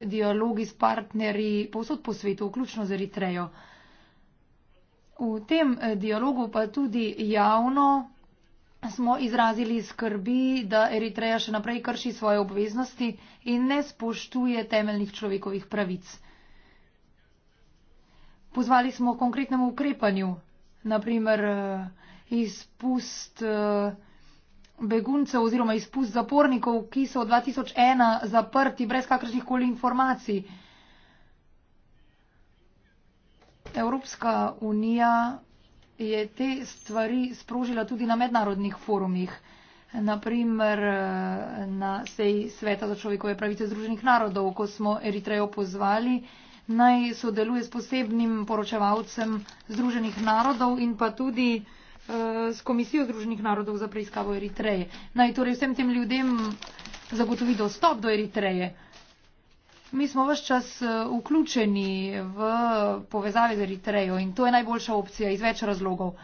dialogi s partnerji povsod po svetu, vključno z Eritrejo. V tem eh, dialogu pa tudi javno smo izrazili skrbi, da Eritreja še naprej krši svoje obveznosti in ne spoštuje temeljnih človekovih pravic. Pozvali smo konkretnemu ukrepanju, naprimer eh, izpust. Uh, beguncev oziroma izpust zapornikov, ki so v 2001 zaprti brez kakršnih koli informacij. Evropska unija je te stvari sprožila tudi na mednarodnih forumih, naprimer na seji Sveta za človekove pravice Združenih narodov, ko smo Eritrejo pozvali naj sodeluje s posebnim poročevalcem Združenih narodov in pa tudi uh, Eh, s Komisijo Združenih narodov za preiskavo Eritreje. Naj torej vsem tem ljudem zagotovi dostop do Eritreje. Mi smo vse čas eh, vključeni v povezave z Eritrejo in to je najboljša opcija iz več razlogov.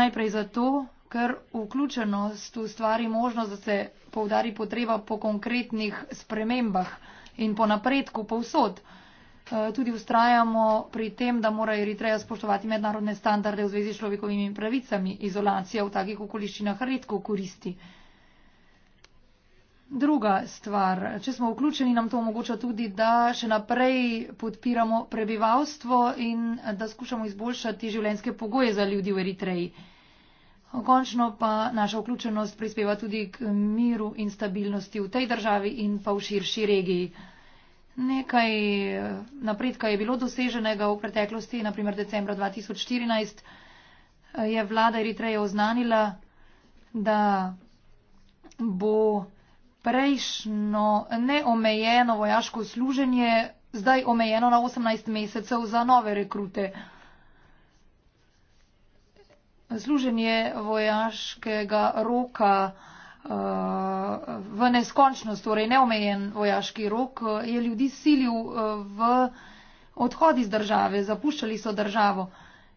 Najprej zato, ker vključenost ustvari možnost, da se poudari potreba po konkretnih spremembah in po napredku povsod. Po Eh, tudi ustrajamo pri tem, da mora Eritreja spoštovati mednarodne standarde v zvezi s človekovimi pravicami. Izolacija v takih okoliščinah redko koristi. Druga stvar, če smo vključeni, nam to omogoča tudi, da še naprej podpiramo prebivalstvo in da skušamo izboljšati življenjske pogoje za ljudi v Eritreji. Končno pa naša vključenost prispeva tudi k miru in stabilnosti v tej državi in pa v širši regiji. Nekaj eh, napredka je bilo doseženega v preteklosti, naprimer decembra 2014 eh, je vlada Eritreje oznanila, da bo prejšnjo neomejeno vojaško služenje zdaj omejeno na 18 mesecev za nove rekrute. Služenje vojaškega roka v neskončnost, torej neomejen vojaški rok, je ljudi silil eh, v odhod iz države, zapuščali so državo.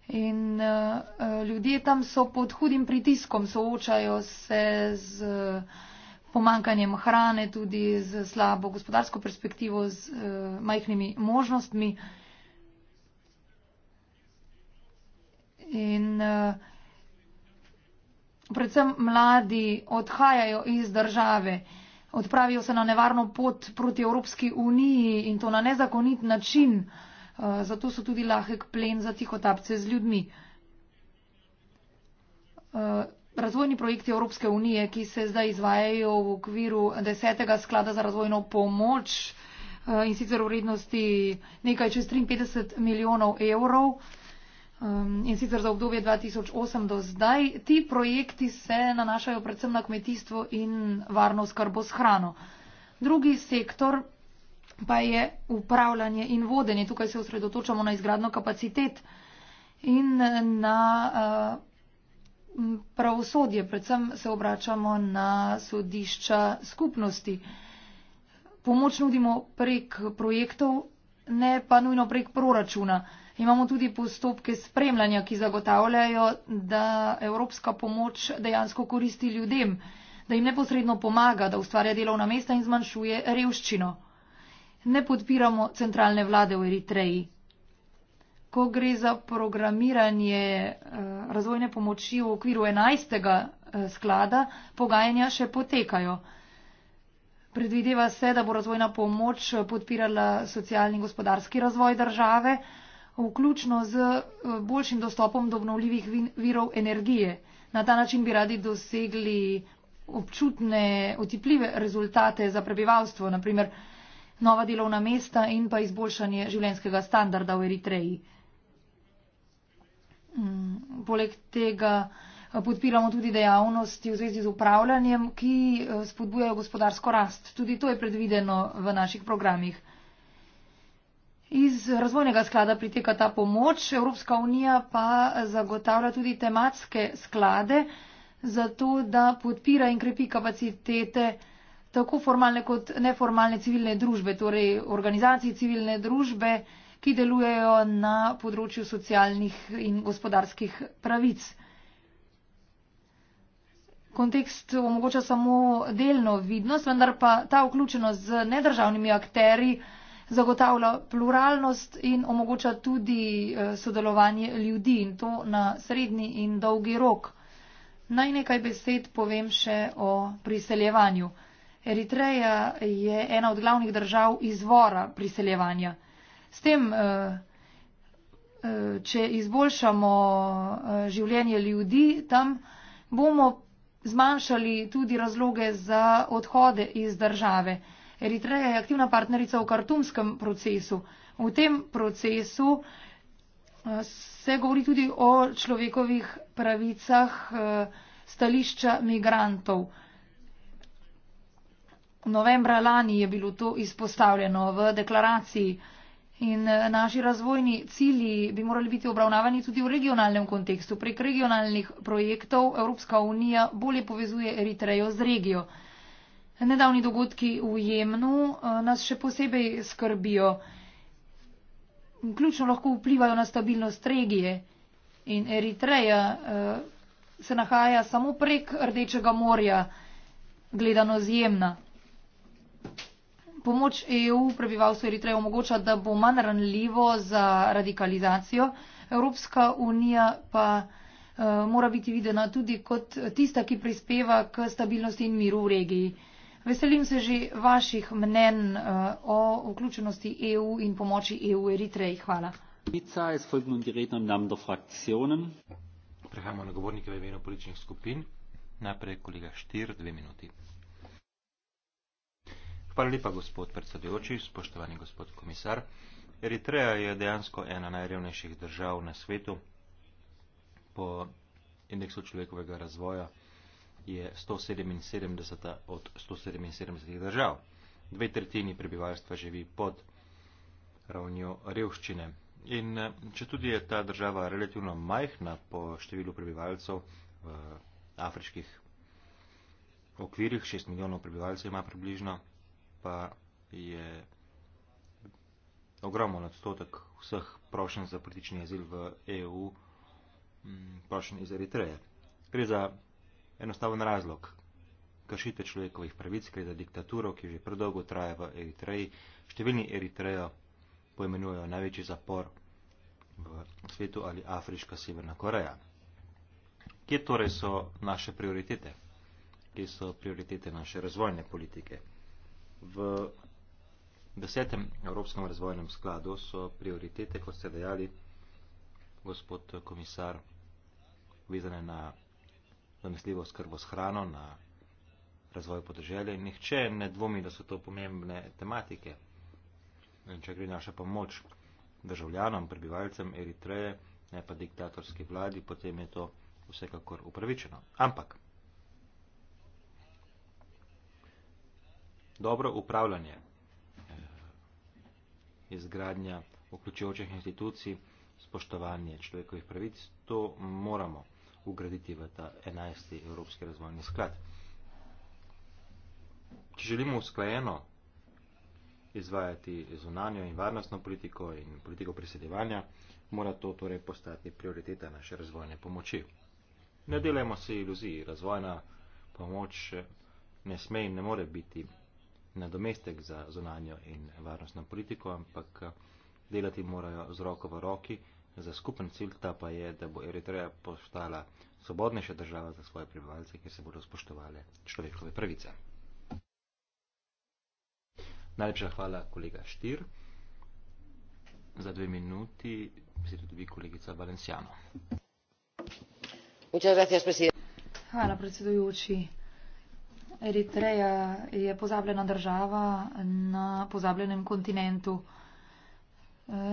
In eh, ljudje tam so pod hudim pritiskom, soočajo se z eh, pomankanjem hrane, tudi z slabo gospodarsko perspektivo, z majhnimi možnostmi. In uh, predvsem mladi odhajajo iz države, odpravijo se na nevarno pot proti Evropski uniji in to na nezakonit način, eh, zato so tudi lahek plen za tihotapce z ljudmi. Eh, razvojni projekti Evropske unije, ki se zdaj izvajajo v okviru desetega sklada za razvojno pomoč eh, in sicer v vrednosti nekaj čez 53 milijonov evrov, Um, in sicer za obdobje 2008 do zdaj, ti projekti se nanašajo predvsem na kmetijstvo in varno skrbo s hrano. Drugi sektor pa je upravljanje in vodenje. Tukaj se osredotočamo na izgradno kapacitet in na uh, pravosodje. Predvsem se obračamo na sodišča skupnosti. Pomoč nudimo prek projektov, ne pa nujno prek proračuna. Uh, Imamo tudi postopke spremljanja, ki zagotavljajo, da evropska pomoč dejansko koristi ljudem, da jim neposredno pomaga, da ustvarja delovna mesta in zmanjšuje revščino. Ne podpiramo centralne vlade v Eritreji. Ko gre za programiranje eh, razvojne pomoči v okviru 11. Eh, sklada, pogajanja še potekajo. Predvideva se, da bo razvojna pomoč eh, podpirala socialni in gospodarski razvoj države, vključno z eh, boljšim dostopom do obnovljivih virov energije. Na ta način bi radi dosegli občutne, otipljive rezultate za prebivalstvo, naprimer nova delovna mesta in pa izboljšanje življenjskega standarda v Eritreji. Mm, poleg tega eh, podpiramo tudi dejavnosti v zvezi z upravljanjem, ki eh, spodbujajo gospodarsko rast. Tudi to je predvideno v naših programih. Iz razvojnega sklada priteka ta pomoč, Evropska unija pa zagotavlja tudi tematske sklade, zato da podpira in krepi kapacitete tako formalne kot neformalne civilne družbe, torej organizacije civilne družbe, ki delujejo na področju socialnih in gospodarskih pravic. Kontekst omogoča samo delno vidnost, vendar pa ta vključenost z nedržavnimi akteri, zagotavlja pluralnost in omogoča tudi eh, sodelovanje ljudi in to na srednji in dolgi rok. Naj nekaj besed povem še o priseljevanju. Eritreja je ena od glavnih držav izvora priseljevanja. S tem, eh, eh, če izboljšamo življenje ljudi tam, bomo zmanjšali tudi razloge za odhode iz države. Eritreja je aktivna partnerica v kartumskem procesu. V tem procesu eh, se govori tudi o človekovih pravicah eh, stališča migrantov. Novembra lani je bilo to izpostavljeno v deklaraciji in eh, naši razvojni cilji bi morali biti obravnavani tudi v regionalnem kontekstu. Prek regionalnih projektov Evropska unija bolje povezuje Eritrejo z regijo. Nedavni dogodki v Jemnu eh, nas še posebej skrbijo. Ključno lahko vplivajo na stabilnost regije in Eritreja eh, se nahaja samo prek Rdečega morja, gledano z Jemna. Pomoč EU prebivalstvu Eritreja omogoča, da bo manj ranljivo za radikalizacijo. Evropska unija pa eh, mora biti videna tudi kot tista, ki prispeva k stabilnosti in miru v regiji. Veselim se že vaših mnen uh, o vključenosti EU in pomoči EU Eritreji. Hvala. Prehajamo na govornike v imenu političnih skupin. Najprej kolega Štir, dve minuti. Hvala lepa, gospod predsedujoči, spoštovani gospod komisar. Eritreja je dejansko ena najrevnejših držav na svetu po indeksu človekovega razvoja je 177 od 177 držav. Dve tretjini prebivalstva živi pod ravnjo revščine. In eh, če tudi je ta država relativno majhna po številu prebivalcev v afriških okvirih, 6 milijonov prebivalcev ima približno, pa je ogromno odstotek vseh prošenj za politični azil v EU prošenj iz Eritreje. Gre za enostaven razlog. Kršite človekovih pravic, gre za diktaturo, ki že predolgo traja v Eritreji. Številni Eritrejo poimenujejo največji zapor v svetu ali Afriška Severna Koreja. Kje torej so naše prioritete? Kje so prioritete naše razvojne politike? V desetem Evropskem razvojnem skladu so prioritete, kot ste dejali, gospod komisar, vezane na zanesljivo skrbo s hrano, na razvoj podeželja in nihče ne dvomi, da so to pomembne tematike. In če gre naša pomoč državljanom, prebivalcem Eritreje, ne pa diktatorski vladi, potem je to vsekakor upravičeno. Ampak dobro upravljanje, eh, izgradnja vključujočih institucij, spoštovanje človekovih pravic, to moramo ugraditi v ta 11. Evropski razvojni sklad. Če želimo usklajeno izvajati zunanjo in varnostno politiko in politiko presedevanja, mora to torej postati prioriteta naše razvojne pomoči. Ne delajmo se iluziji, razvojna pomoč ne sme in ne more biti nadomestek za zunanjo in varnostno politiko, ampak delati morajo z roko v roki. Za skupen cilj ta pa je, da bo Eritreja postala svobodnejša država za svoje prebivalce, kjer se bodo spoštovali človekove pravice. Najlepša hvala, kolega Štir. Za dve minuti se tudi kolegica Valenciano. Hvala, predsedujoči. Eritreja je pozabljena država na pozabljenem kontinentu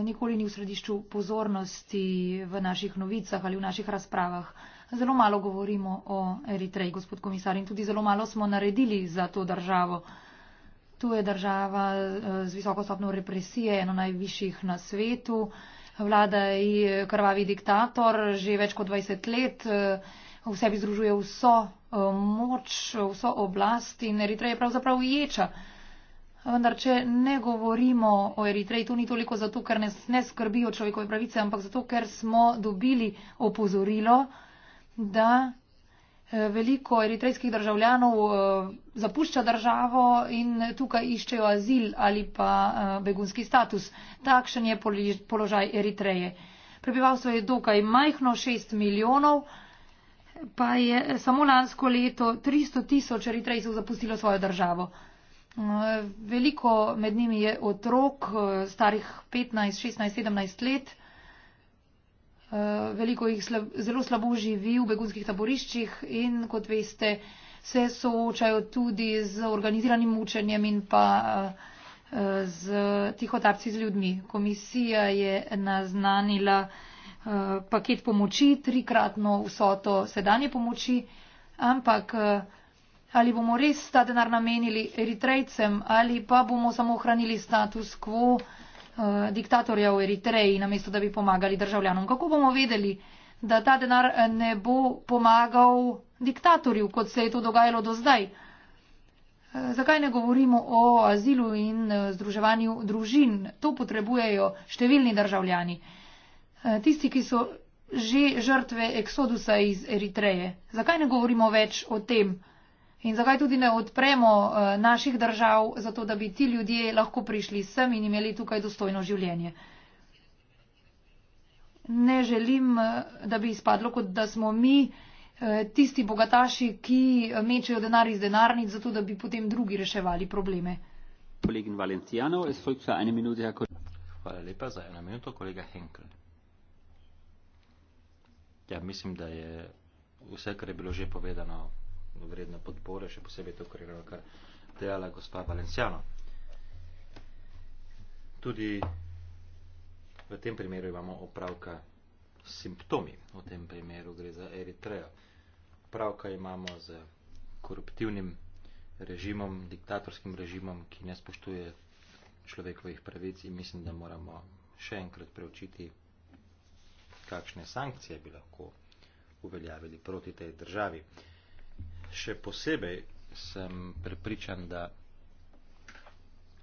nikoli ni v središču pozornosti v naših novicah ali v naših razpravah. Zelo malo govorimo o Eritreji, gospod komisar, in tudi zelo malo smo naredili za to državo. Tu je država eh, z visoko stopno represije, eno najvišjih na svetu. Vlada je krvavi diktator že več kot 20 let, eh, v sebi združuje vso eh, moč, vso oblast in Eritreja je pravzaprav ječa. Vendar, če ne govorimo o Eritreji, to ni toliko zato, ker nas ne skrbijo človekove pravice, ampak zato, ker smo dobili opozorilo, da eh, veliko eritrejskih državljanov eh, zapušča državo in tukaj iščejo azil ali pa eh, begunski status. Takšen je položaj Eritreje. Prebivalstvo je dokaj majhno, 6 milijonov, pa je samo lansko leto 300 tisoč eritrejcev zapustilo svojo državo. Eh, veliko med njimi je otrok, eh, starih 15, 16, 17 let. Eh, veliko jih slab, zelo slabo živi v begunskih taboriščih in, kot veste, se soočajo tudi z organiziranim mučenjem in pa z tihotapci z ljudmi. Komisija je naznanila paket pomoči, trikratno vso to sedanje pomoči, ampak ali bomo res ta denar namenili Eritrejcem ali pa bomo samo ohranili status quo eh, diktatorja v Eritreji, namesto da bi pomagali državljanom. Kako bomo vedeli, da ta denar eh, ne bo pomagal diktatorju, kot se je to dogajalo do zdaj? Eh, zakaj ne govorimo o azilu in združevanju družin? To potrebujejo številni državljani. Tisti, ki so že žrtve eksodusa iz Eritreje. Zakaj ne govorimo več o tem? In zakaj tudi ne odpremo eh, naših držav, zato da bi ti ljudje lahko prišli sem in imeli tukaj dostojno življenje? Ne želim, eh, da bi izpadlo, kot da smo mi eh, tisti bogataši, ki mečejo denar iz denarnic, zato da bi potem drugi reševali probleme. Hvala lepa za eno minuto, kolega Henkel. Ja, mislim, da je vse, kar je bilo že povedano, vredne podpore, še posebej to, kar je kar dejala gospa Valenciano. Tudi v tem primeru imamo opravka s simptomi, v tem primeru gre za Eritrejo. Opravka imamo z koruptivnim režimom, diktatorskim režimom, ki ne spoštuje človekovih pravic in mislim, da moramo še enkrat preučiti, kakšne sankcije bi lahko uveljavili proti tej državi še posebej sem prepričan, da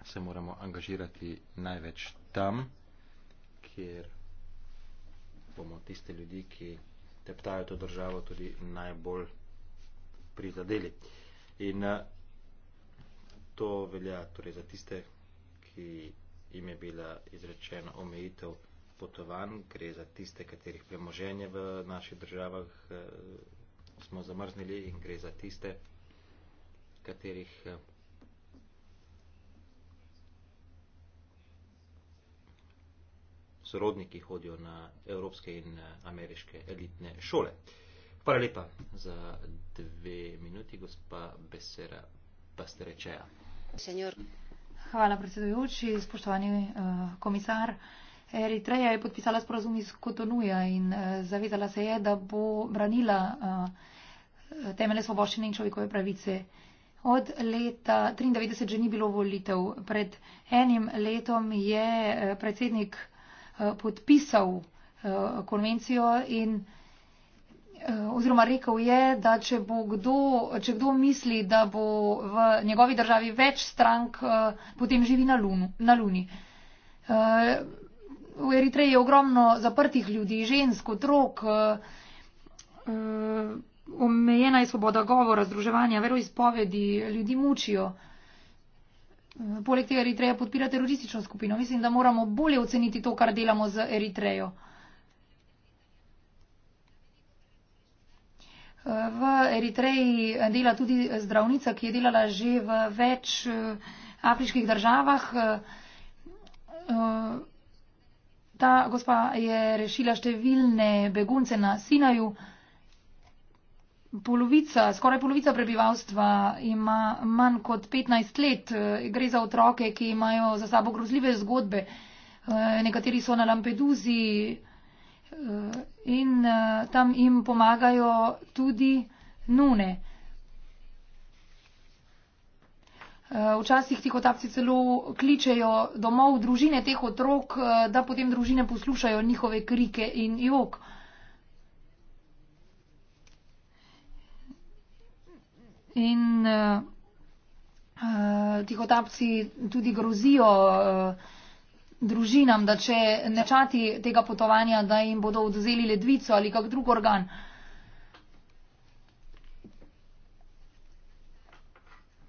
se moramo angažirati največ tam, kjer bomo tiste ljudi, ki teptajo to državo, tudi najbolj prizadeli. In eh, to velja torej za tiste, ki jim je bila izrečena omejitev potovanj, gre za tiste, katerih premoženje v naših državah. Eh, smo zamrznili in gre za tiste, katerih eh, sorodniki hodijo na evropske in eh, ameriške elitne šole. Hvala lepa za dve minuti, gospa Besera Pasterečeja. Senjor. Hvala predsedujoči, spoštovani uh, komisar. Eritreja je podpisala sporazum iz Kotonuja in uh, zavezala se je, da bo branila uh, eh, temele svoboščine in človekove pravice. Od leta 1993 že ni bilo volitev. Pred enim letom je eh, predsednik podpisal konvencijo in oziroma rekel je, da če, kdo, če kdo misli, da bo v njegovi državi več strank, potem živi na, lunu, na Luni v Eritreji je ogromno zaprtih ljudi, žensk, otrok, eh, eh, omejena je svoboda govora, združevanja, veroizpovedi, ljudi mučijo. Eh, poleg tega Eritreja podpira teroristično skupino. Mislim, da moramo bolje oceniti to, kar delamo z Eritrejo. V Eritreji dela tudi zdravnica, ki je delala že v več afriških državah ta gospa je rešila številne begunce na Sinaju. Polovica, skoraj polovica prebivalstva ima manj kot 15 let. Gre za otroke, ki imajo za sabo grozljive zgodbe. Eh, nekateri so na Lampeduzi eh, in eh, tam jim pomagajo tudi nune. Včasih ti kotapci celo kličejo domov družine teh otrok, eh, da potem družine poslušajo njihove krike in jok. In uh, uh, ti kotapci tudi grozijo uh, družinam, da če nečati tega potovanja, da jim bodo odzeli ledvico ali kak drug organ. Uh,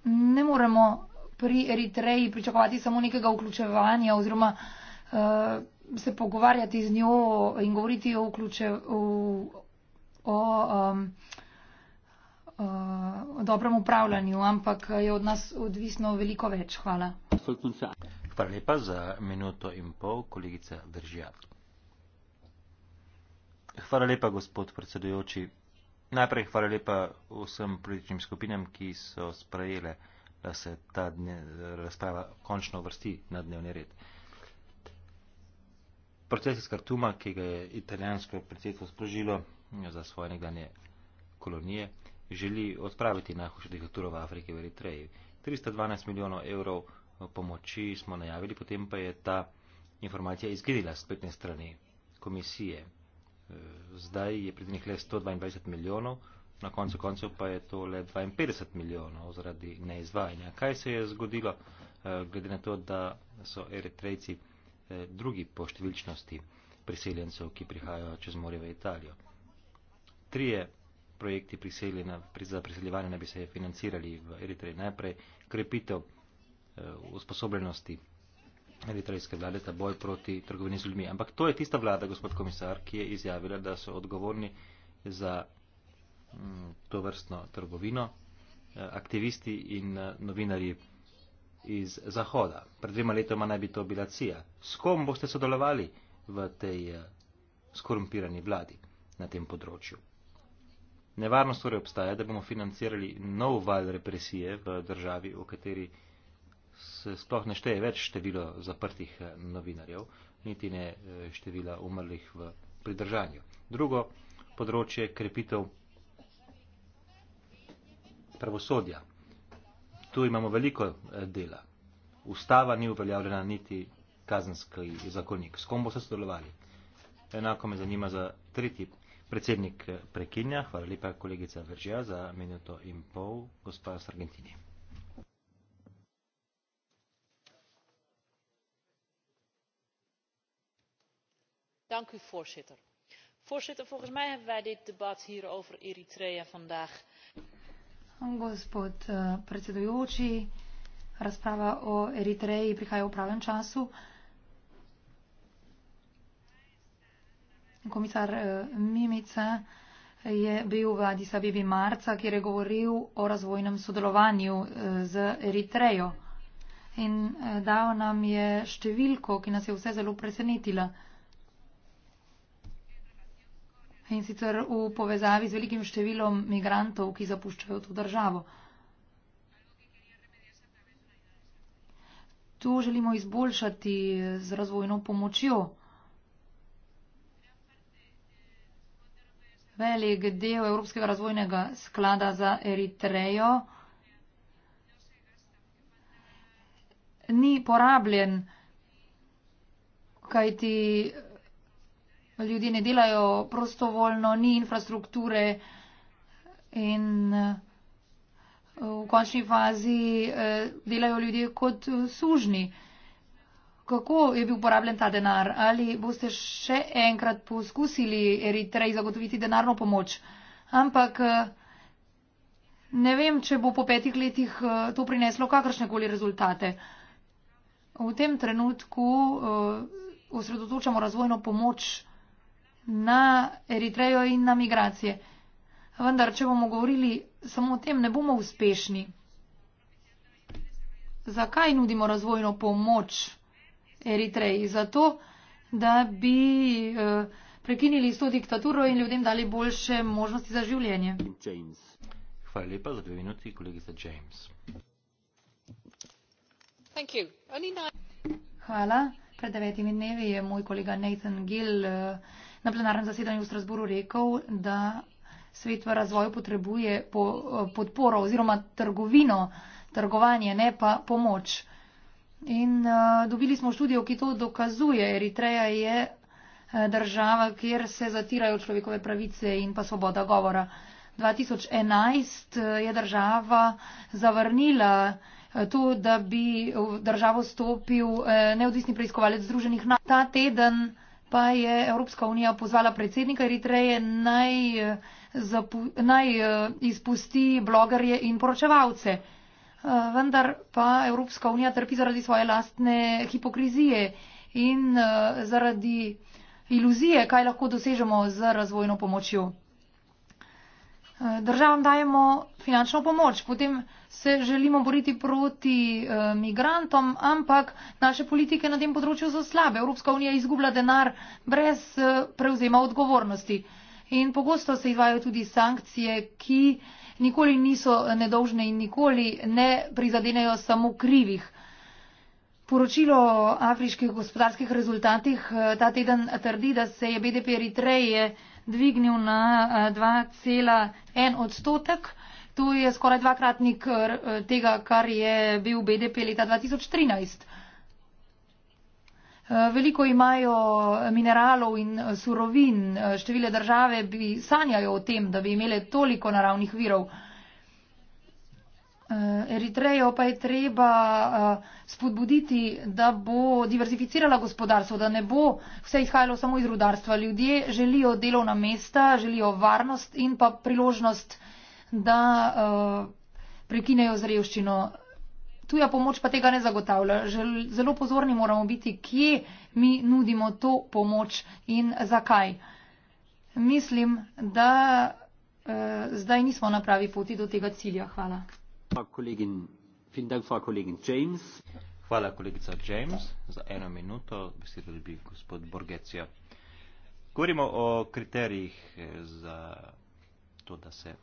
ne moremo pri Eritreji pričakovati samo nekega vključevanja oziroma uh, se pogovarjati z njo in govoriti o vključe, o, o um, uh, dobrem upravljanju, ampak je od nas odvisno veliko več. Hvala. Hvala lepa za minuto in pol, kolegica Držja. Hvala lepa, gospod predsedujoči. Najprej hvala lepa vsem političnim skupinam, ki so sprejele, da se ta dne, razprava končno vrsti na dnevni red. Proces iz Kartuma, ki ga je italijansko predsedstvo sprožilo ja, za svoje nekdanje kolonije, želi odpraviti najhujšo diktaturo v Afriki v Eritreji. 312 milijonov evrov pomoči smo najavili, potem pa je ta informacija izgledila spletne strani komisije. Zdaj je pred njih le 122 milijonov, na koncu koncev pa je to le 52 milijonov zaradi neizvajanja. Kaj se je zgodilo, eh, glede na to, da so eritrejci eh, drugi po številčnosti priseljencev, ki prihajajo čez morje v Italijo? Trije projekti za priseljevanje naj bi se financirali v Eritreji. Najprej krepitev eh, usposobljenosti. Eh, eritrejske vlade za boj proti trgovini z ljudmi. Ampak to je tista vlada, gospod komisar, ki je izjavila, da so odgovorni za mm, to vrstno trgovino eh, aktivisti in eh, novinarji iz Zahoda. Pred dvema letoma naj bi to bila CIA. S kom boste sodelovali v tej eh, skorumpirani vladi na tem področju? Nevarnost torej obstaja, da bomo financirali nov val represije v državi, v kateri se sploh ne šteje več število zaprtih eh, novinarjev, niti ne eh, števila umrlih v pridržanju. Drugo področje krepitev pravosodja. Tu imamo veliko eh, dela. Ustava ni uveljavljena niti kazenski zakonik. S kom bo se sodelovali? Enako me zanima za tretji predsednik prekinja. Hvala lepa kolegica Veržija za minuto in pol, gospa Sargentini. voorzitter volgens mij hebben wij dit debat hier over eritrea vandaag eh, Komisar eh, Mimica je bil v Addis Abebi marca, kjer je govoril o razvojnem sodelovanju eh, z Eritrejo in dal nam je številko, ki nas je vse zelo presenetila in sicer v povezavi z velikim številom migrantov, ki zapuščajo to državo. Tu želimo izboljšati z razvojno pomočjo. Velik del Evropskega razvojnega sklada za Eritrejo ni porabljen, kajti ljudje ne delajo prostovoljno, ni infrastrukture in eh, v končni fazi eh, delajo ljudje kot eh, sužni. Kako je bil uporabljen ta denar? Ali boste še enkrat poskusili Eritreji zagotoviti denarno pomoč? Ampak ne vem, če bo po petih letih to prineslo kakršne koli rezultate. V tem trenutku osredotočamo razvojno pomoč na Eritrejo in na migracije. Vendar, če bomo govorili samo o tem, ne bomo uspešni. Zakaj nudimo razvojno pomoč Eritreji? Zato, da bi eh, prekinili s to diktaturo in ljudem dali boljše možnosti za življenje. James. Hvala lepa za dve minuti, kolegica James. Hvala. Pred devetimi dnevi je moj kolega Nathan Gill eh, na plenarnem zasedanju v Strasburu rekel, da svet v razvoju potrebuje po, eh, podporo oziroma trgovino, trgovanje, ne pa pomoč. In uh, dobili smo študijo, ki to dokazuje. Eritreja je država, kjer se zatirajo človekove pravice in pa svoboda govora. 2011 je država zavrnila to, da bi v državo stopil eh, neodvisni preiskovalec Združenih narodov. Ta teden pa je Evropska unija pozvala predsednika Eritreje naj, eh, zapu, naj eh, izpusti blogerje in poročevalce. Vendar pa Evropska unija trpi zaradi svoje lastne hipokrizije in zaradi iluzije, kaj lahko dosežemo z razvojno pomočjo. Eh, državam dajemo finančno pomoč, potem se želimo boriti proti eh, migrantom, ampak naše politike na tem področju so slabe. Evropska unija izgublja denar brez eh, prevzema odgovornosti. In pogosto se izvajo tudi sankcije, ki nikoli niso nedolžne in nikoli ne prizadenejo samo krivih. Poročilo o afriških gospodarskih rezultatih ta teden trdi, da se je BDP Eritreje dvignil na 2,1 eh, odstotek. To je skoraj dvakratnik eh, tega, kar je bil BDP leta 2013. Eh, veliko imajo mineralov in surovin, števile države bi sanjajo o tem, da bi imele toliko naravnih virov. Eh, Eritrejo pa je treba eh, spodbuditi, da bo diverzificirala gospodarstvo, da ne bo vse izhajalo samo iz rudarstva. Ljudje želijo delovna mesta, želijo varnost in pa priložnost, da eh, prekinejo z revščino. Tuja pomoč pa tega ne zagotavlja. Zelo pozorni moramo biti, kje mi nudimo to pomoč in zakaj. Mislim, da e, zdaj nismo na pravi poti do tega cilja. Hvala hvala kolegica james za eno minuto besedo dobi gospod borgecija govorimo o kriterijih eh, za to da se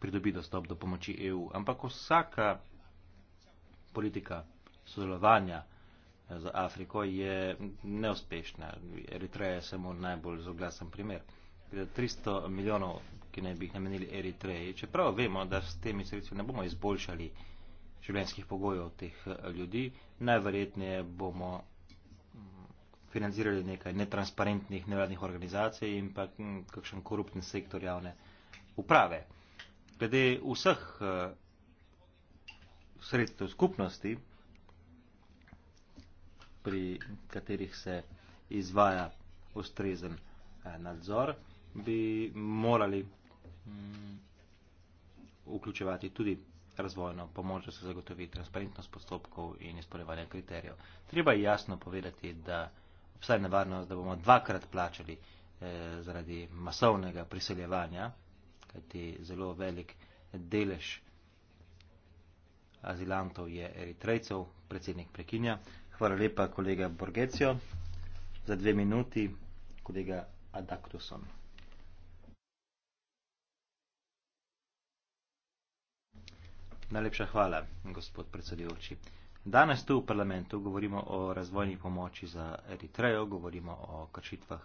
pridobi dostop do pomoči EU ampak vsaka politika sodelovanja eh, za Afriko je neuspešna. Eritreja je samo najbolj zoglasen primer. 300 milijonov ki naj bi jih namenili Eritreji. Čeprav vemo, da s temi sredstvi ne bomo izboljšali življenjskih pogojev teh eh, ljudi, najverjetneje bomo mm, financirali nekaj netransparentnih nevladnih organizacij in pa mm, kakšen korupten sektor javne uprave. Glede vseh eh, sredstev skupnosti, pri katerih se izvaja ustrezen eh, nadzor, bi morali Mm. vključevati tudi razvojno pomoč, da se zagotovi transparentnost postopkov in izpolnevanje kriterijev. Treba je jasno povedati, da vsaj nevarnost, da bomo dvakrat plačali eh, zaradi masovnega priseljevanja, kajti zelo velik delež azilantov je eritrejcev, predsednik prekinja. Hvala lepa, kolega Borgecio. Za dve minuti, kolega Adaktuson. Najlepša hvala, gospod predsedujoči. Danes tu v parlamentu govorimo o razvojni pomoči za Eritrejo, govorimo o kršitvah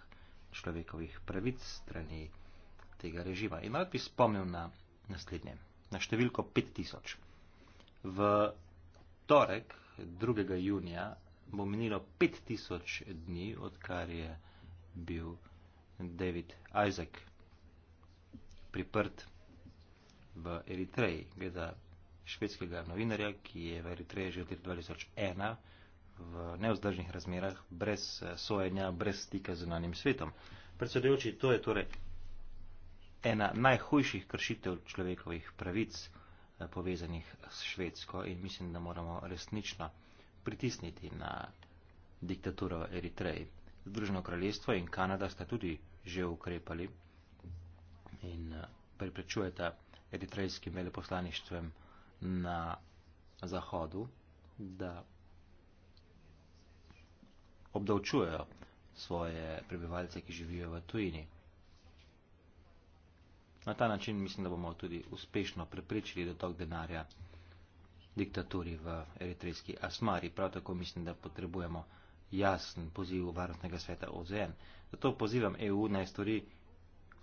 človekovih pravic strani tega režima. In rad bi spomnil na naslednje, na številko 5000. V torek 2. junija bo minilo 5000 dni, odkar je bil David Isaac priprt v Eritreji. Gleda švedskega novinarja, ki je v Eritreji že od 2001 v neozdržnih razmerah, brez eh, sojenja, brez stika z zunanjim svetom. Predsedujoči, to je torej ena najhujših kršitev človekovih pravic eh, povezanih s Švedsko in mislim, da moramo resnično pritisniti na diktaturo Eritreji. Združeno kraljestvo in Kanada sta tudi že ukrepali in eh, preprečujeta eritrejskim veleposlaništvem na zahodu, da obdavčujejo svoje prebivalce, ki živijo v tujini. Na ta način mislim, da bomo tudi uspešno preprečili dotok denarja diktaturi v eritrejski Asmari. Prav tako mislim, da potrebujemo jasen poziv varnostnega sveta OZN. Zato pozivam EU naj stori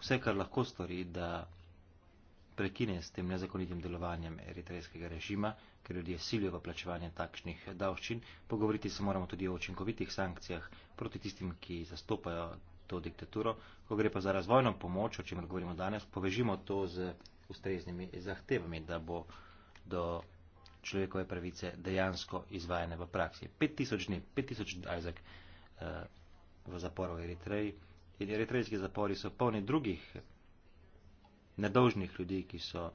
vse, kar lahko stori, da prekine s tem nezakonitim delovanjem eritrejskega režima, ker ljudje silijo v plačevanje takšnih davščin, pogovoriti se moramo tudi o učinkovitih sankcijah proti tistim, ki zastopajo to diktaturo. Ko gre pa za razvojno pomoč, o čemer govorimo danes, povežimo to z ustreznimi zahtevami, da bo do človekove pravice dejansko izvajane v praksi. 5000 dni, 5000 dajzak eh, v zaporu v Eritreji. In eritrejski zapori so polni drugih nedolžnih ljudi, ki so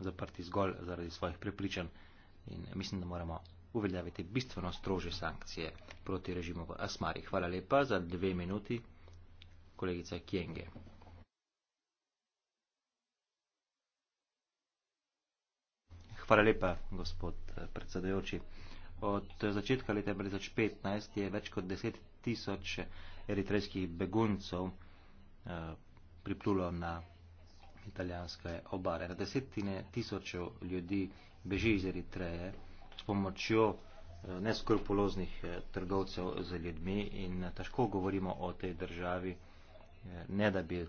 zaprti zgolj zaradi svojih prepričanj. In mislim, da moramo uveljaviti bistveno strože sankcije proti režimu v Asmari. Hvala lepa za dve minuti, kolegica Kjenge. Hvala lepa, gospod eh, predsedajoči. Od eh, začetka leta 2015 je več kot 10 tisoč eritrejskih beguncov eh, priplulo na italijanske obare. Na desetine tisočev ljudi beži iz Eritreje s pomočjo eh, neskrupuloznih eh, trgovcev z ljudmi in eh, težko govorimo o tej državi, ne da bi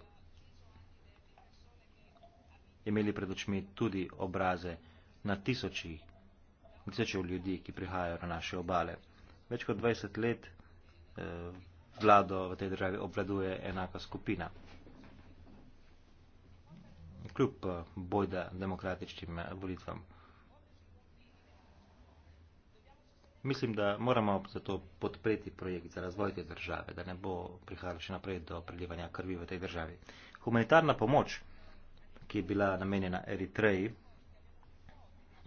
imeli pred očmi tudi obraze na tisočih, tisočev ljudi, ki prihajajo na naše obale. Več kot 20 let vlado v tej državi obvladuje enaka skupina kljub eh, bojda demokratičnim eh, volitvam. Mislim, da moramo zato podpreti projekt za razvoj te države, da ne bo prihajalo še naprej do prelivanja krvi v tej državi. Humanitarna pomoč, ki je bila namenjena Eritreji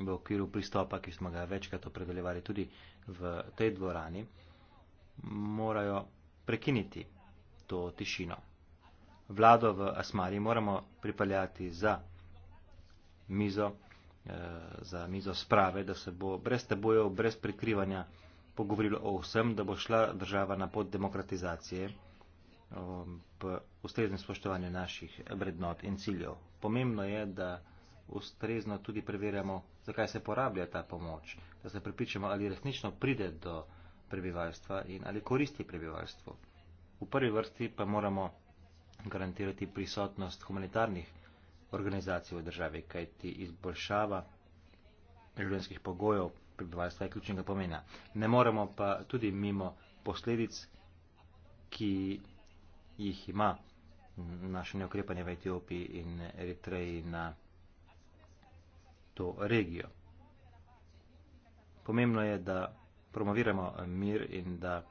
v okviru pristopa, ki smo ga večkrat opredeljevali tudi v tej dvorani, morajo prekiniti to tišino vlado v Asmari moramo pripeljati za mizo, eh, za mizo sprave, da se bo brez tebojev, brez prikrivanja pogovorilo o vsem, da bo šla država na pot demokratizacije v um, ustrezno spoštovanje naših vrednot in ciljev. Pomembno je, da ustrezno tudi preverjamo, zakaj se porablja ta pomoč, da se pripričamo, ali resnično pride do prebivalstva in ali koristi prebivalstvo. V prvi vrsti pa moramo garantirati prisotnost humanitarnih organizacij v državi, kajti izboljšava življenjskih pogojev prebivalstva je ključnega pomena. Ne moremo pa tudi mimo posledic, ki jih ima naše neokrepanje v Etiopiji in Eritreji na to regijo. Pomembno je, da promoviramo mir in da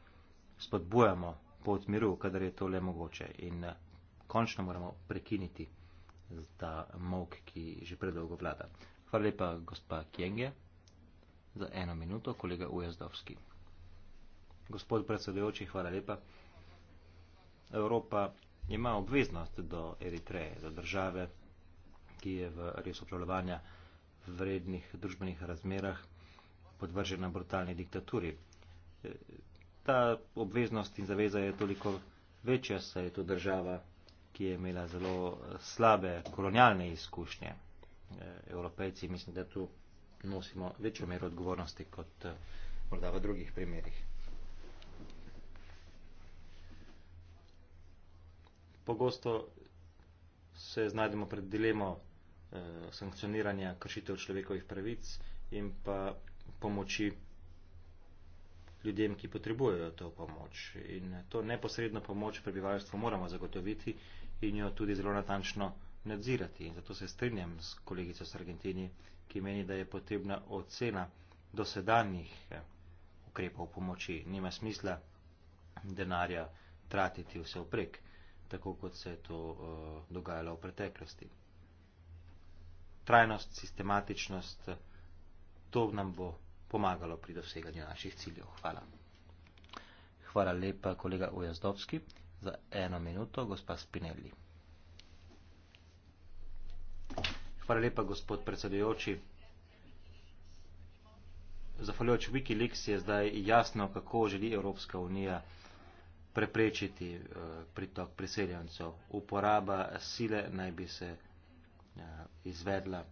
spodbujamo pot miru, kadar je to le mogoče. In končno moramo prekiniti ta mok, ki že predolgo vlada. Hvala lepa, gospa Kjenge, za eno minuto, kolega Ujazdovski. Gospod predsedujoči, hvala lepa. Evropa ima obveznost do Eritreje, do države, ki je v res upravljanja vrednih družbenih razmerah podvržena brutalni diktaturi. Ta obveznost in zaveza je toliko večja, saj je to država ki je imela zelo eh, slabe kolonialne izkušnje. Eh, Evropejci mislim, da tu nosimo večjo mero odgovornosti kot eh, morda v drugih primerih. Pogosto se znajdemo pred dilemo eh, sankcioniranja kršitev človekovih pravic in pa pomoči ljudem, ki potrebujejo to pomoč. In to neposredno pomoč prebivalstvu moramo zagotoviti, eh, in jo tudi zelo natančno nadzirati. In zato se strinjam s kolegico Sargentini, ki meni, da je potrebna ocena dosedanjih eh, ukrepov pomoči. Nima smisla denarja tratiti vse vprek, tako kot se je to uh, dogajalo v preteklosti. Trajnost, sistematičnost, to nam bo pomagalo pri doseganju naših ciljev. Hvala. Hvala lepa, kolega Ujazdovski za eno minuto, gospa Spinelli. Hvala lepa, gospod predsedujoči. Zahvaljujoč Wikileaks je zdaj jasno, kako želi Evropska unija preprečiti eh, pritok priseljencev. Uporaba sile naj bi se eh, izvedla,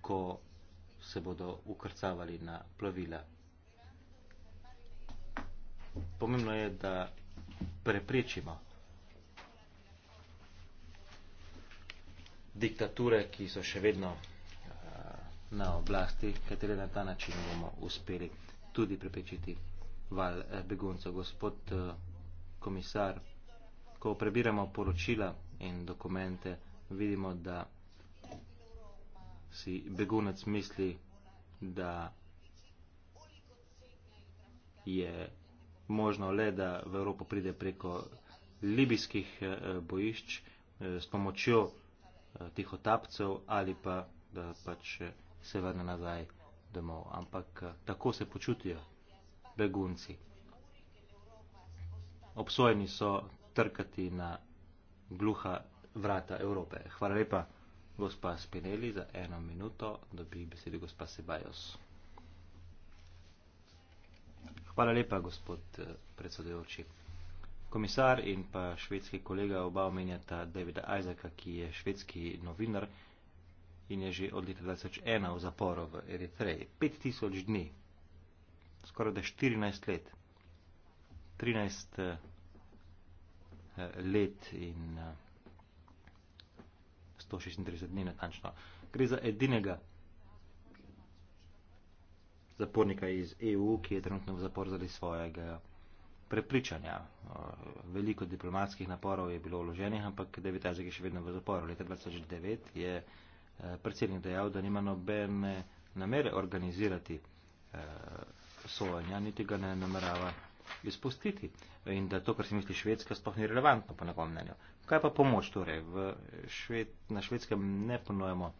ko se bodo ukrcavali na plovila. Pomembno je, da preprečimo. Diktature, ki so še vedno eh, na oblasti, katere na ta način bomo uspeli tudi preprečiti val eh, beguncev. Gospod eh, komisar, ko prebiramo poročila in dokumente, vidimo, da si begunec misli, da je možno le, da v Evropo pride preko libijskih eh, bojišč eh, s pomočjo eh, tih otapcev ali pa da pač se vrne nazaj domov. Ampak tako se počutijo begunci. Obsojeni so trkati na gluha vrata Evrope. Hvala lepa, gospa Spinelli, za eno minuto dobi besedo gospa Sebajos. Hvala lepa, gospod eh, predsedujoči. Komisar in pa švedski kolega oba omenjata Davida Isaaca, ki je švedski novinar in je že od leta 2001 v zaporu v Eritreji. 5000 dni, skoraj da 14 let, 13 eh, let in 136 eh, dni natančno. Gre za edinega zapornika iz EU, ki je trenutno v zaporu zaradi svojega prepričanja. Veliko diplomatskih naporov je bilo vloženih, ampak David Isaac je še vedno v zaporu. Leta 2009 je eh, predsednik dejal, da nima nobene namere organizirati eh, sojenja, niti ga ne namerava izpustiti. In da to, kar si misli Švedska, sploh ni relevantno po njegovem mnenju. Kaj pa pomoč torej? Šved, na švedskem ne ponujemo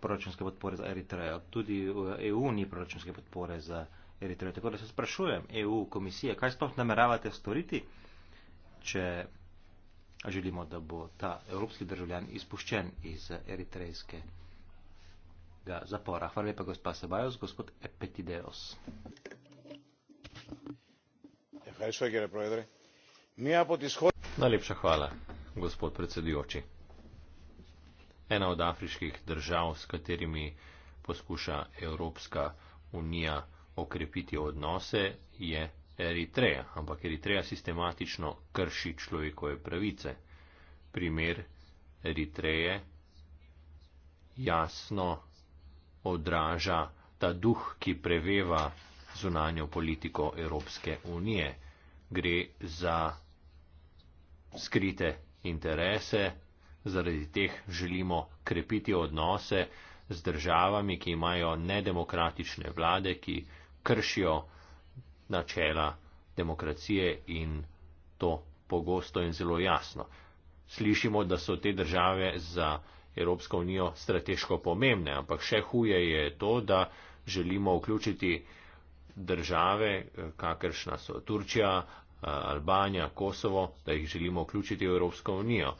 proračunske podpore za Eritrejo. Tudi v EU ni proračunske podpore za Eritrejo. Tako da se sprašujem, EU, komisija, kaj sploh nameravate storiti, če želimo, da bo ta evropski državljan izpuščen iz eritrejskega zapora. Hvala lepa, gospa Sebajos, gospod Epetideos. Najlepša hvala, gospod predsedujoči ena od afriških držav, s katerimi poskuša Evropska unija okrepiti odnose, je Eritreja. Ampak Eritreja sistematično krši človekove pravice. Primer Eritreje jasno odraža ta duh, ki preveva zunanjo politiko Evropske unije. Gre za skrite interese, zaradi teh želimo krepiti odnose z državami, ki imajo nedemokratične vlade, ki kršijo načela demokracije in to pogosto in zelo jasno. Slišimo, da so te države za Evropsko unijo strateško pomembne, ampak še huje je to, da želimo vključiti države, kakršna so Turčija, Albanija, Kosovo, da jih želimo vključiti v Evropsko unijo.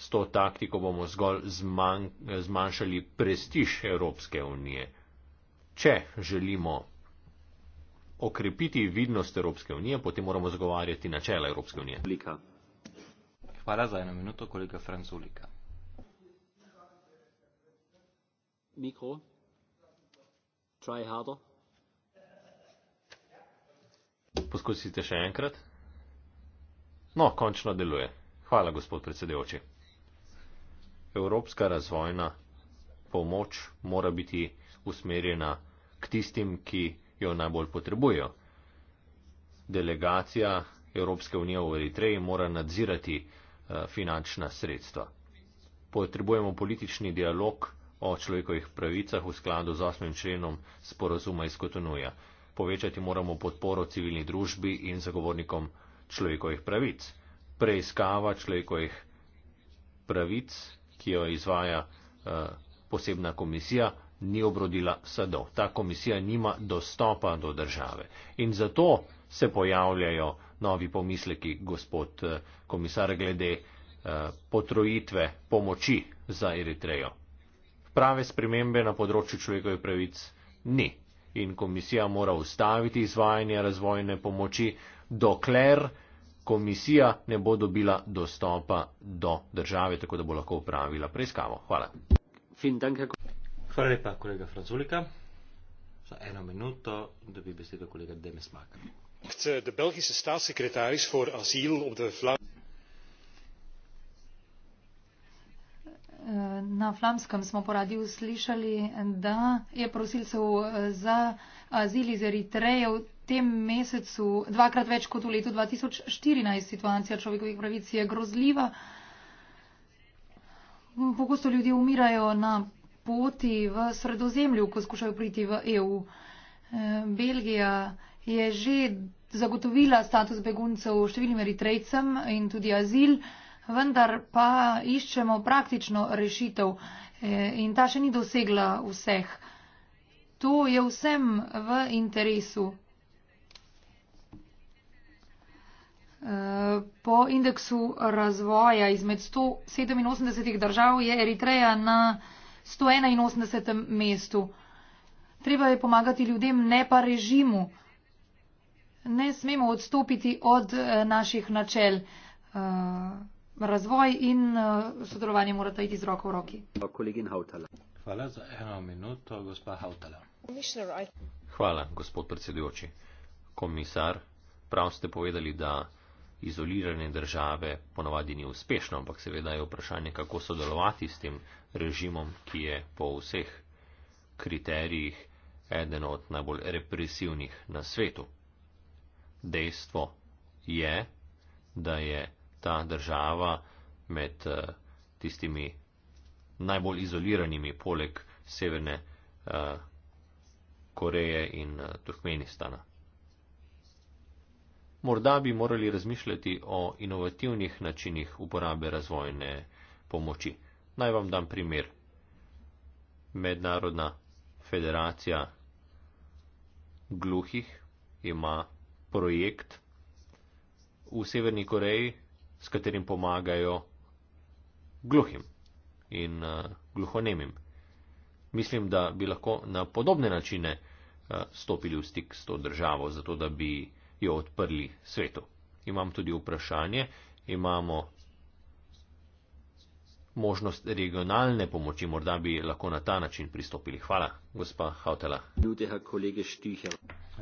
S to taktiko bomo zgolj zman, zmanjšali prestiž Evropske unije. Če želimo okrepiti vidnost Evropske unije, potem moramo zagovarjati načela Evropske unije. Lika. Hvala za eno minuto, kolega Franculika. Mikro. Try harder. Poskusite še enkrat. No, končno deluje. Hvala, gospod predsedujoči evropska razvojna pomoč mora biti usmerjena k tistim, ki jo najbolj potrebujejo. Delegacija Evropske unije v Eritreji mora nadzirati eh, finančna sredstva. Potrebujemo politični dialog o človekovih pravicah v skladu z osmim členom sporozuma iz Kotonuja. Povečati moramo podporo civilni družbi in zagovornikom človekovih pravic. Preiskava človekovih pravic ki jo izvaja eh, posebna komisija, ni obrodila sadov. Ta komisija nima dostopa do države. In zato se pojavljajo novi pomisleki, gospod eh, komisar, glede eh, potrojitve pomoči za Eritrejo. Prave spremembe na področju človekovih pravic ni. In komisija mora ustaviti izvajanje razvojne pomoči, dokler komisija ne bo dobila dostopa do države, tako da bo lahko upravila preiskavo. Hvala. Hvala lepa, kolega Francolika. Za eno minuto dobi besedo kolega Demesmak. Eh, de Belgische staatssecretaris voor asiel op de Vlaamse. Na flamskem smo po radiju slišali, da je prosilcev eh, za azil iz Eritreje tem mesecu, dvakrat več kot v letu 2014, situacija človekovih pravic je grozljiva. Pogosto ljudje umirajo na poti v sredozemlju, ko skušajo priti v EU. Eh, Belgija je že zagotovila status beguncev številnim eritrejcem in tudi azil, vendar pa iščemo praktično rešitev eh, in ta še ni dosegla vseh. To je vsem v interesu. Eh, po indeksu razvoja izmed 187 držav je Eritreja na 181. mestu. Treba je pomagati ljudem, ne pa režimu. Ne smemo odstopiti od eh, naših načel. Eh, razvoj in sodelovanje morata iti z roko v roki. Hvala za eno minuto, gospa Hautala. Hvala, gospod predsedujoči. Komisar, prav ste povedali, da izolirane države ponavadi ni uspešno, ampak seveda je vprašanje, kako sodelovati s tem režimom, ki je po vseh kriterijih eden od najbolj represivnih na svetu. Dejstvo je, da je ta država med eh, tistimi najbolj izoliranimi poleg Severne uh, Koreje in uh, Turkmenistana morda bi morali razmišljati o inovativnih načinih uporabe razvojne pomoči. Naj vam dam primer. Mednarodna federacija gluhih ima projekt v Severni Koreji, s katerim pomagajo gluhim in uh, gluhonemim. Mislim, da bi lahko na podobne načine uh, stopili v stik s to državo, zato da bi uh, jo odprli svetu. Imam tudi vprašanje, imamo možnost regionalne pomoči, morda bi lahko na ta način pristopili. Hvala, gospa Hautela. Ljudeha kolege Štihel.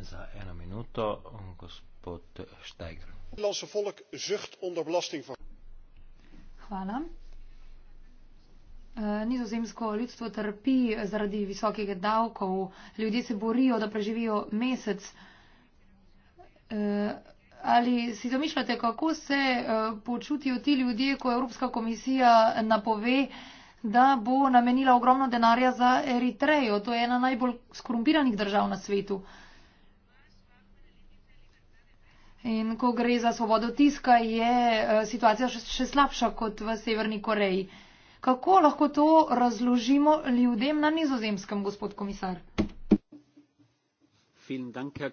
Za eno minuto, gospod Štajger. Hvala. Eh, nizozemsko ljudstvo trpi zaradi visokega davkov. Ljudje se borijo, da preživijo mesec. Eh, ali si zamišljate, kako se eh, počutijo ti ljudje, ko Evropska komisija napove, da bo namenila ogromno denarja za Eritrejo? To je ena najbolj skorumpiranih držav na svetu. In ko gre za svobodo tiska, je eh, situacija še slabša kot v Severni Koreji. Kako lahko to razložimo ljudem na nizozemskem, gospod komisar? Danke,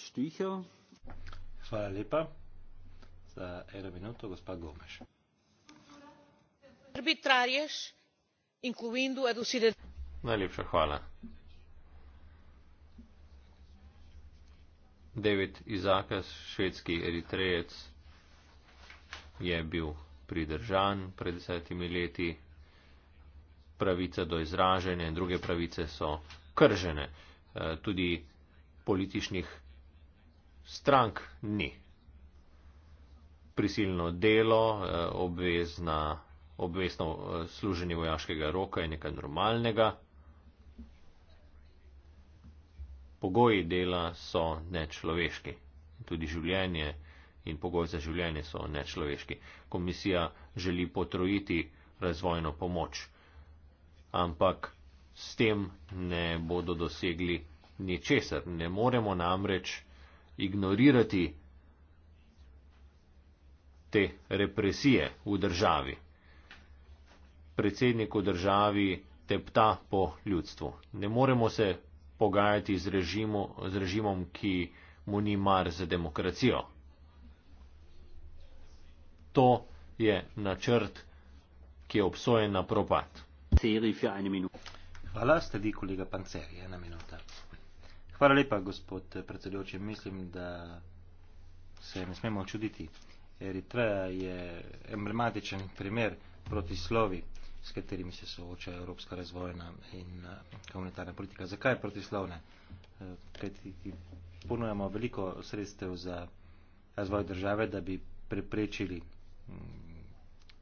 Štihel. Hvala lepa. Za eno minuto, gospa Gomeš. Najlepša hvala. David Izakas, švedski eritrejec, je bil pridržan pred desetimi leti. Pravica do izražanja in druge pravice so kržene. Eh, tudi političnih strank ni. Prisilno delo, eh, obvezna, obvezno eh, služenje vojaškega roka je nekaj normalnega. Pogoji dela so nečloveški. Tudi življenje in pogoji za življenje so nečloveški. Komisija želi potrojiti razvojno pomoč, ampak s tem ne bodo dosegli ničesar. Ne moremo namreč ignorirati te represije v državi. Predsednik v državi tepta po ljudstvu. Ne moremo se pogajati z, režimu, z režimom, ki mu ni mar za demokracijo. To je načrt, ki je obsojen na propad. Hvala, stedi kolega Pancerija na minuto. Hvala lepa, gospod predsedujoči. Mislim, da se ne smemo čuditi. Eritreja je emblematičen primer proti slovi, s katerimi se sooča evropska razvojna in eh, komunitarna politika. Zakaj proti slovne? Eh, Ker ponujamo veliko sredstev za razvoj države, da bi preprečili mm,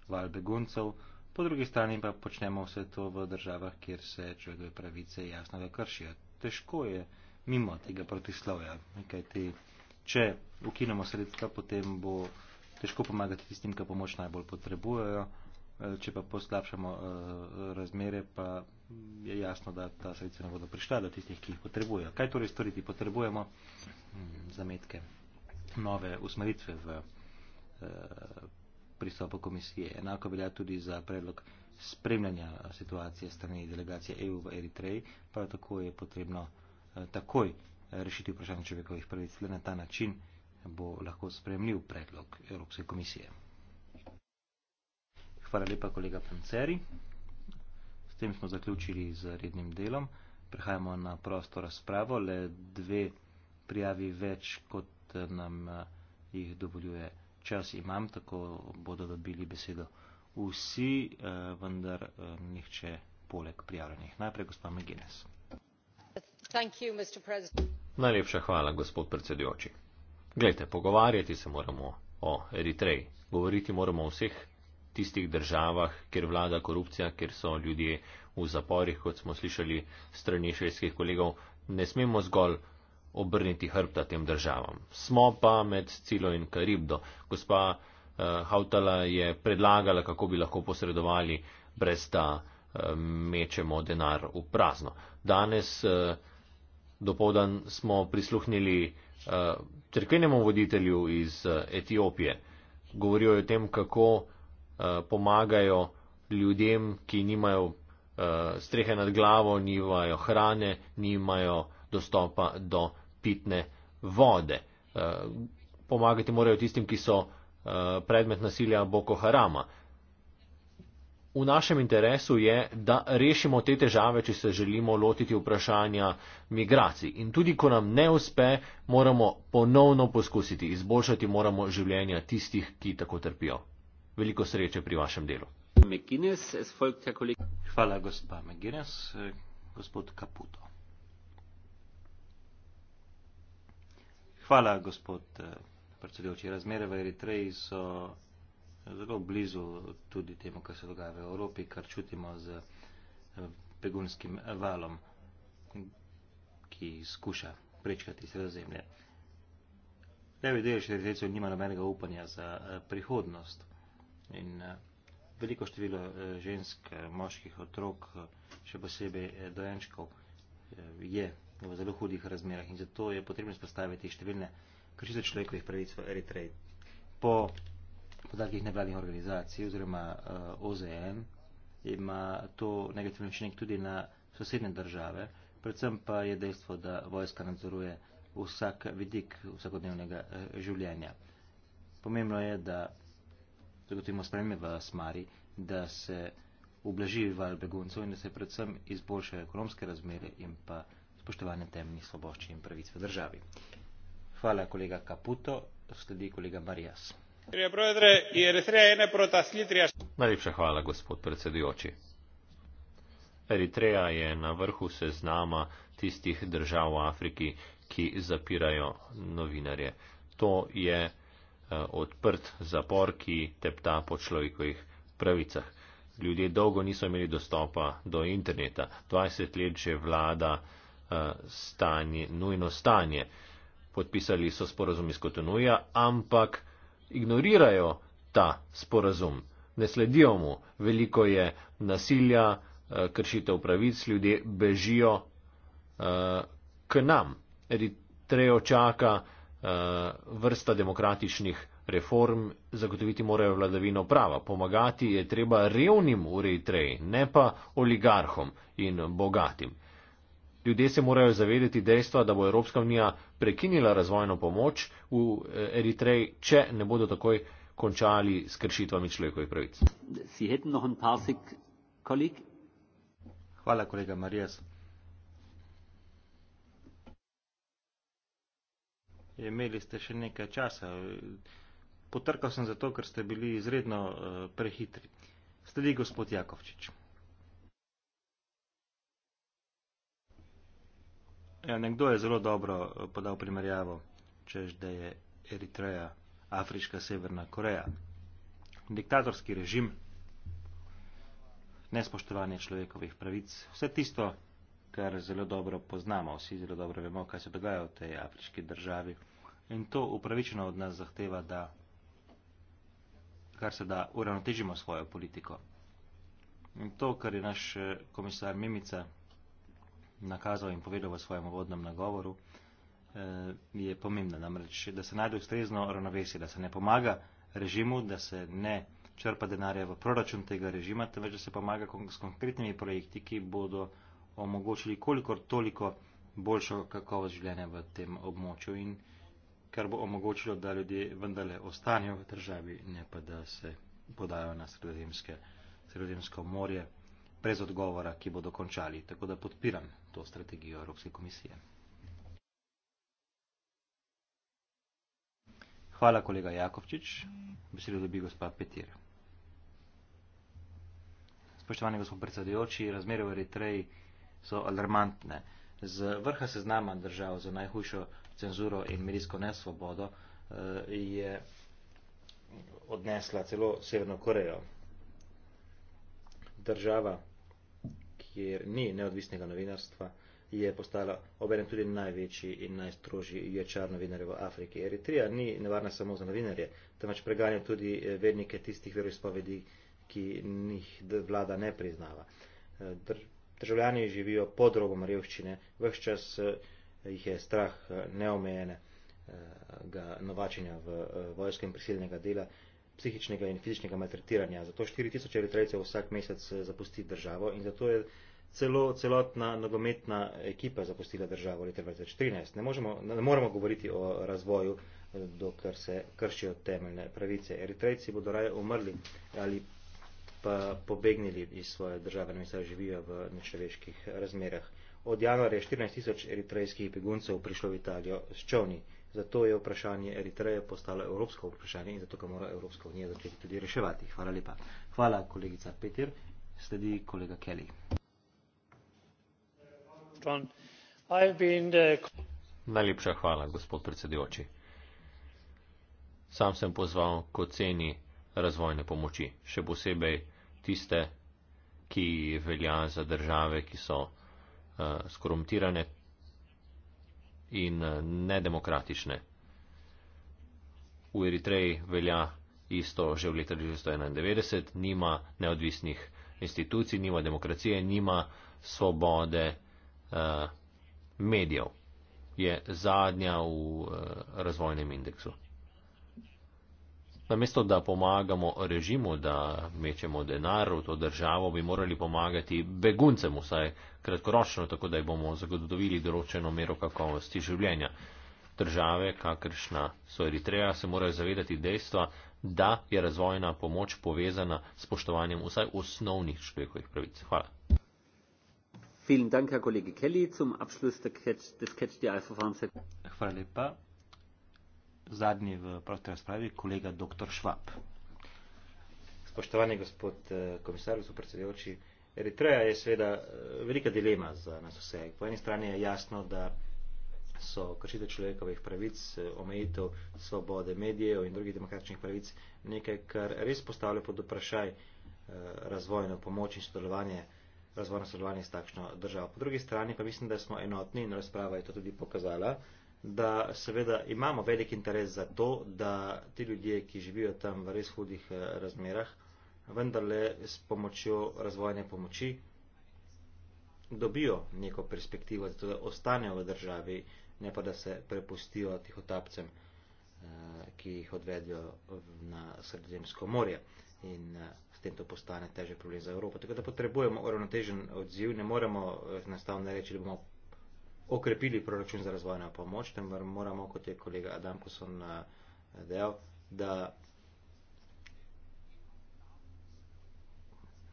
val beguncev, po drugi strani pa počnemo vse to v državah, kjer se človekove pravice jasno kršijo. Težko je mimo tega protislovja. Kajti, če ukinemo sredstva, potem bo težko pomagati tistim, ki pomoč najbolj potrebujejo. Eh, če pa poslabšamo eh, razmere, pa je jasno, da ta sredstva ne bodo prišla do tistih, ki jih potrebujejo. Kaj torej storiti? Potrebujemo mm, zametke, nove usmeritve v eh, pristopu komisije. Enako velja tudi za predlog spremljanja situacije strani delegacije EU v Eritreji, prav tako je potrebno Eh, takoj rešiti vprašanje človekovih pravic. Le na ta način bo lahko spremljiv predlog Evropske komisije. Hvala lepa, kolega Panceri. S tem smo zaključili z rednim delom. Prehajamo na prosto razpravo. Le dve prijavi več, kot eh, nam eh, jih dovoljuje čas imam, tako bodo dobili besedo vsi, vendar nihče poleg prijavljenih. Najprej gospa Megines. Najlepša hvala, gospod predsedujoči. Glejte, pogovarjati se moramo o Eritreji. Govoriti moramo o vseh tistih državah, kjer vlada korupcija, kjer so ljudje v zaporih, kot smo slišali strani švedskih kolegov. Ne smemo zgolj obrniti hrbta tem državam. Smo pa med Cilo in Karibdo. Gospa uh, Hautala je predlagala, kako bi lahko posredovali, brez da uh, eh, mečemo denar v prazno. Danes uh, dopoldan smo prisluhnili uh, eh, crkvenemu voditelju iz uh, Etiopije. Govorijo o tem, kako uh, pomagajo ljudem, ki nimajo uh, strehe nad glavo, nimajo hrane, nimajo dostopa do pitne vode. Uh, pomagati morajo tistim, ki so uh, predmet nasilja Boko Harama. Uh, v našem interesu je, da rešimo te težave, če se želimo lotiti vprašanja migracij. In tudi, ko nam ne uspe, moramo ponovno poskusiti, izboljšati moramo življenja tistih, ki tako trpijo. Veliko sreče pri vašem delu. Ja Hvala, gospa McGuinness, gospod Caputo. Hvala, gospod eh, predsedujoči. Razmere v Eritreji so zelo blizu tudi temu, kar se dogaja v Evropi, kar čutimo z eh, begunskim valom, ki skuša prečkati sredozemlje. Levi del Šeriteljcev nima nobenega upanja za eh, prihodnost in eh, veliko število žensk, moških otrok, še posebej dojenčkov, je v zelo hudih razmerah in zato je potrebno spostaviti številne kršice človekovih pravic v Eritreji. Po podatkih nevladnih organizacij oziroma uh, eh, OZN ima to negativni učinek tudi na sosednje države, predvsem pa je dejstvo, da vojska nadzoruje vsak vidik vsakodnevnega uh, življenja. Pomembno je, da zagotovimo spremembe v smari, da se ublaži val beguncev in da se predvsem izboljšajo ekonomske razmere in pa spoštovanje temeljnih svoboščin in pravic v državi. Hvala kolega Caputo, sledi kolega Marijas najlepša hvala gospod predsedujoči eritreja je na vrhu seznama tistih držav v afriki ki zapirajo novinarje to je eh, odprt zapor ki tepta po človekovih pravicah ljudje dolgo niso imeli dostopa do interneta dvajset let že vlada eh, stanje, nujno stanje podpisali so sporozum iz kotonuja ampak ignorirajo ta sporazum, ne sledijo mu. Veliko je nasilja, eh, kršitev pravic, ljudje bežijo eh, k nam. Eritrejo čaka eh, vrsta demokratičnih reform, zagotoviti morajo vladavino prava. Pomagati je treba revnim v Eritreji, ne pa oligarhom in bogatim. Ljudje se morajo zavedeti dejstva, da bo Evropska unija prekinila razvojno pomoč v eh, Eritreji, če ne bodo takoj končali s kršitvami človekovih pravic. Hvala, kolega Marijas. Imeli ste še nekaj časa. Potrkal sem zato, ker ste bili izredno eh, prehitri. Sledi gospod Jakovčič. Ja, nekdo je zelo dobro eh, podal primerjavo, češ, da je Eritreja Afriška Severna Koreja. Diktatorski režim, nespoštovanje človekovih pravic, vse tisto, kar zelo dobro poznamo, vsi zelo dobro vemo, kaj se dogaja v tej afriški državi. In to upravičeno od nas zahteva, da kar se da uravnotežimo svojo politiko. In to, kar je naš eh, komisar Mimica nakazal in povedal v svojem uvodnem nagovoru, eh, je pomembna. Namreč, da se najde ustrezno ravnovesje, da se ne pomaga režimu, da se ne črpa denarja v proračun tega režima, temveč da se pomaga s konkretnimi projekti, ki bodo omogočili kolikor toliko boljšo kakovost življenja v tem območju in kar bo omogočilo, da ljudje vendarle ostanejo v državi, ne pa da se podajo na sredozemsko morje brez odgovora, ki bodo končali. Tako da podpiram to strategijo Evropske komisije. Hvala, kolega Jakovčič. Besedo dobi gospa Petir. Spoštovani gospod predsedujoči, razmere v Eritreji so alarmantne. Z vrha seznama držav za najhujšo cenzuro in medijsko nesvobodo eh, je odnesla celo Severno Korejo. Država kjer ni neodvisnega novinarstva, je postala obenem tudi največji in najstrožji ječar novinarje v Afriki. Eritrija ni nevarna samo za novinarje, temveč preganja tudi eh, vernike tistih veroizpovedi, ki njih vlada ne priznava. Eh, državljani živijo pod rogom revščine, vse čas eh, jih je strah neomejenega novačenja v vojskem prisilnega dela, psihičnega in fizičnega maltretiranja. Zato 4000 eritrejcev vsak mesec zapusti državo in zato je celo celotna nogometna ekipa zapustila državo leta 2014. Ne, možemo, ne moremo govoriti o razvoju, dokler se kršijo temeljne pravice. Eritrejci bodo raje umrli ali pa pobegnili iz svoje države, ne mislim, živijo v nečloveških razmerah. Od januarja je 14 tisoč eritrejskih beguncev prišlo v Italijo s čovni. Zato je vprašanje Eritreje postalo evropsko vprašanje in zato ga mora Evropska unija začeti tudi reševati. Hvala lepa. Hvala, kolegica Petir. Sledi kolega Kelly najlepša hvala gospod predsedujoči sam sem pozval k oceni razvojne pomoči še posebej tiste ki velja za države ki so uh, skorumpirane in eh, nedemokratične v Eritreji velja isto že v letu 1991 nima neodvisnih institucij nima demokracije nima svobode Eh, medijev, je zadnja v eh, razvojnem indeksu. Namesto, da pomagamo režimu, da mečemo denar v to državo, bi morali pomagati beguncem, vsaj kratkoročno, tako da bomo zagotovili določeno mero kakovosti življenja. Države, kakršna so Eritreja, se morajo zavedati dejstva, da je razvojna pomoč povezana s spoštovanjem vsaj osnovnih človekovih pravic. Hvala. Hvala lepa. Zadnji v prosti razpravi, kolega dr. Švab. Spoštovani gospod eh, komisar, gospod predsedujoči, Eritreja je seveda eh, velika dilema za nas vse. Po eni strani je jasno, da so kršite človekovih pravic, eh, omejitev svobode medijev in drugih demokratičnih pravic nekaj, kar res postavlja pod vprašaj razvojno pomoč in sodelovanje razvojno sodelovanje s takšno državo. Po drugi strani pa mislim, da smo enotni in razprava je to tudi pokazala, da seveda imamo velik interes za to, da ti ljudje, ki živijo tam v res hudih eh, razmerah, vendarle s pomočjo razvojne pomoči dobijo neko perspektivo, zato da torej ostanejo v državi, ne pa da se prepustijo tihotapcem eh, ki jih odvedijo na sredozemsko morje. In eh, s tem to postane težji problem za Evropo. Tako da potrebujemo uravnotežen odziv, ne moremo eh, enostavno reči, da bomo okrepili proračun za razvojno pomoč, temveč moramo, kot je kolega Adamkoson eh, dejal, da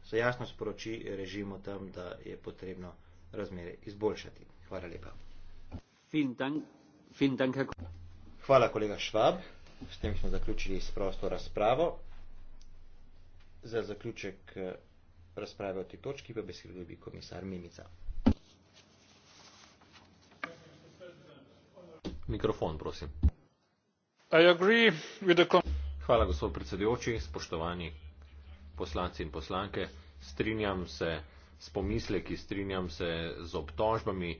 se jasno sporoči režimu tam, da je potrebno razmere izboljšati. Hvala lepa. Hvala, kolega Švab. S tem smo zaključili s prosto razpravo. Za zaključek eh, razprave o tej točki pa besedo dobi komisar Mimica. Mikrofon, prosim. I agree with the Hvala, gospod predsedujoči, spoštovani poslanci in poslanke. Strinjam se s pomisleki, strinjam se z obtožbami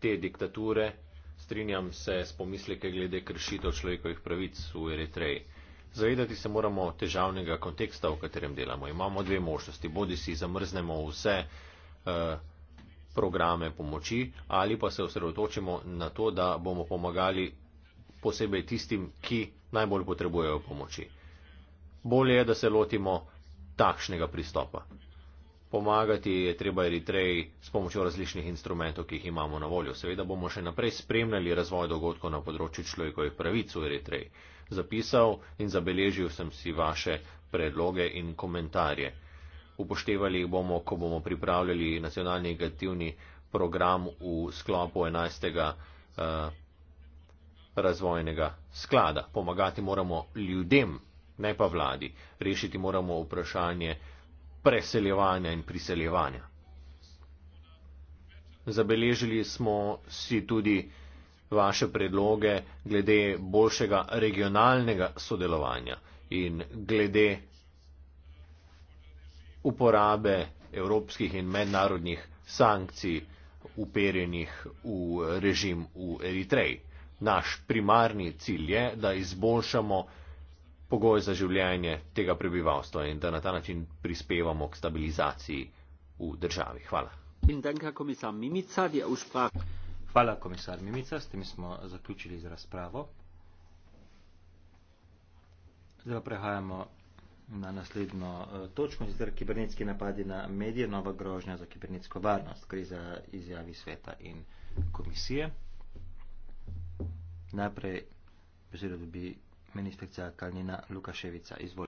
te diktature, strinjam se s pomisleke glede kršitev človekovih pravic v Eritreji. Zavedati se moramo težavnega konteksta, v katerem delamo. Imamo dve možnosti. Bodi si zamrznemo vse eh, programe pomoči ali pa se osredotočimo na to, da bomo pomagali posebej tistim, ki najbolj potrebujejo pomoči. Bolje je, da se lotimo takšnega pristopa. Pomagati je treba Eritreji s pomočjo različnih instrumentov, ki jih imamo na voljo. Seveda bomo še naprej spremljali razvoj dogodkov na področju človekovih pravic v Eritreji zapisal in zabeležil sem si vaše predloge in komentarje. Upoštevali jih bomo, ko bomo pripravljali nacionalni negativni program v sklopu 11. Eh, razvojnega sklada. Pomagati moramo ljudem, ne pa vladi. Rešiti moramo vprašanje preseljevanja in priseljevanja. Zabeležili smo si tudi vaše predloge glede boljšega regionalnega sodelovanja in glede uporabe evropskih in mednarodnih sankcij uperjenih v režim v Eritreji. Naš primarni cilj je, da izboljšamo pogoj za življenje tega prebivalstva in da na ta način prispevamo k stabilizaciji v državi. Hvala. Vielen Dank, Herr Kommissar Mimica, die Aussprache. Hvala, komisar Mimica. S tem smo zaključili z razpravo. Zdaj pa prehajamo na naslednjo eh, točko, in sicer kibernetski napadi na medije, nova grožnja za kibernetsko varnost, gre za izjavi sveta in komisije. Najprej besedo dobi ministrica Kalnina Lukaševica. Izvolite.